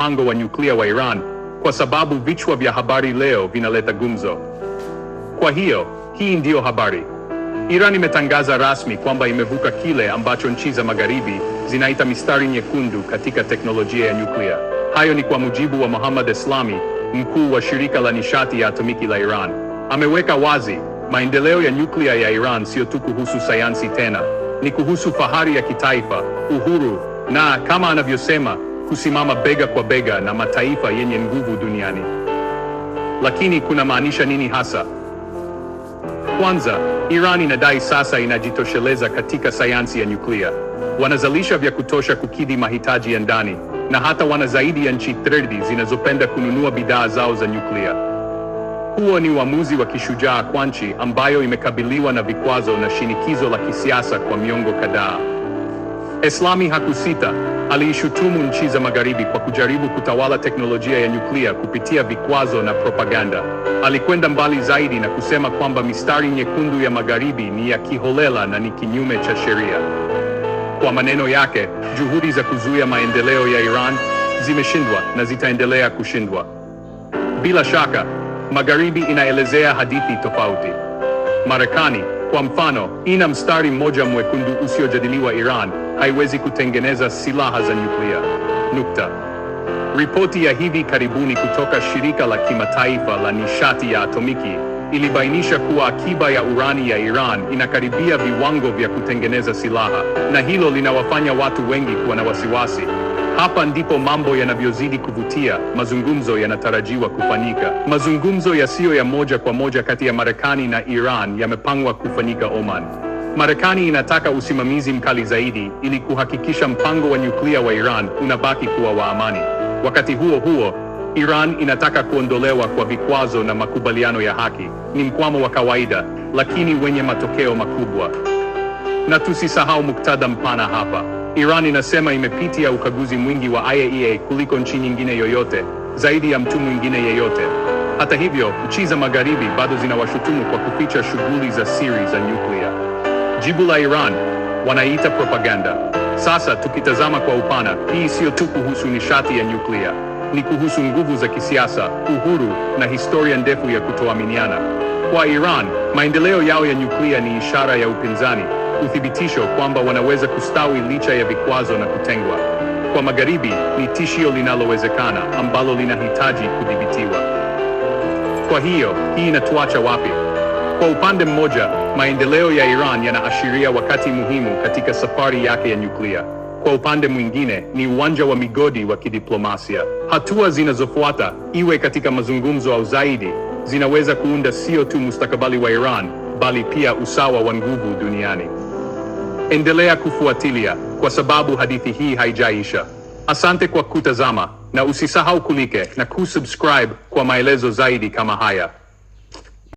mpango wa nyuklia wa Iran, kwa sababu vichwa vya habari leo vinaleta gumzo. Kwa hiyo hii ndiyo habari. Iran imetangaza rasmi kwamba imevuka kile ambacho nchi za magharibi zinaita mistari nyekundu katika teknolojia ya nyuklia. Hayo ni kwa mujibu wa Mohammad Eslami, mkuu wa shirika la nishati ya atomiki la Iran. Ameweka wazi, maendeleo ya nyuklia ya Iran sio tu kuhusu sayansi tena, ni kuhusu fahari ya kitaifa, uhuru na kama anavyosema kusimama bega kwa bega na mataifa yenye nguvu duniani. Lakini kuna maanisha nini hasa? Kwanza, Iran inadai sasa inajitosheleza katika sayansi ya nyuklia. Wanazalisha vya kutosha kukidhi mahitaji ya ndani na hata wana zaidi ya nchi thelathini zinazopenda kununua bidhaa zao za nyuklia. Huo ni uamuzi wa kishujaa kwa nchi ambayo imekabiliwa na vikwazo na shinikizo la kisiasa kwa miongo kadhaa. Eslami hakusita, aliishutumu nchi za Magharibi kwa kujaribu kutawala teknolojia ya nyuklia kupitia vikwazo na propaganda. Alikwenda mbali zaidi na kusema kwamba mistari nyekundu ya Magharibi ni ya kiholela na ni kinyume cha sheria. Kwa maneno yake, juhudi za kuzuia maendeleo ya Iran zimeshindwa na zitaendelea kushindwa. Bila shaka, Magharibi inaelezea hadithi tofauti. Marekani, kwa mfano, ina mstari mmoja mwekundu usiojadiliwa Iran haiwezi kutengeneza silaha za nyuklia. Nukta. Ripoti ya hivi karibuni kutoka shirika la kimataifa la nishati ya atomiki ilibainisha kuwa akiba ya urani ya Iran inakaribia viwango vya kutengeneza silaha, na hilo linawafanya watu wengi kuwa na wasiwasi. Hapa ndipo mambo yanavyozidi kuvutia. Mazungumzo yanatarajiwa kufanyika. Mazungumzo yasiyo ya moja kwa moja kati ya Marekani na Iran yamepangwa kufanyika Oman. Marekani inataka usimamizi mkali zaidi ili kuhakikisha mpango wa nyuklia wa Iran unabaki kuwa wa amani. Wakati huo huo, Iran inataka kuondolewa kwa vikwazo na makubaliano ya haki. Ni mkwamo wa kawaida lakini wenye matokeo makubwa. Na tusisahau muktadha mpana hapa. Iran inasema imepitia ukaguzi mwingi wa IAEA e kuliko nchi nyingine yoyote, zaidi ya mtu mwingine yeyote. Hata hivyo, nchi za magharibi bado zinawashutumu kwa kuficha shughuli za siri za nyuklia. Jibu la Iran wanaita propaganda. Sasa tukitazama kwa upana, hii siyo tu kuhusu nishati ya nyuklia, ni kuhusu nguvu za kisiasa, uhuru na historia ndefu ya kutoaminiana. Kwa Iran, maendeleo yao ya nyuklia ni ishara ya upinzani, uthibitisho kwamba wanaweza kustawi licha ya vikwazo na kutengwa. Kwa Magharibi, ni tishio linalowezekana ambalo linahitaji kudhibitiwa. Kwa hiyo, hii inatuacha wapi? Kwa upande mmoja, maendeleo ya Iran yanaashiria wakati muhimu katika safari yake ya nyuklia. Kwa upande mwingine, ni uwanja wa migodi wa kidiplomasia. Hatua zinazofuata, iwe katika mazungumzo au zaidi, zinaweza kuunda sio tu mustakabali wa Iran, bali pia usawa wa nguvu duniani. Endelea kufuatilia kwa sababu hadithi hii haijaisha. Asante kwa kutazama na usisahau kulike na kusubscribe kwa maelezo zaidi kama haya.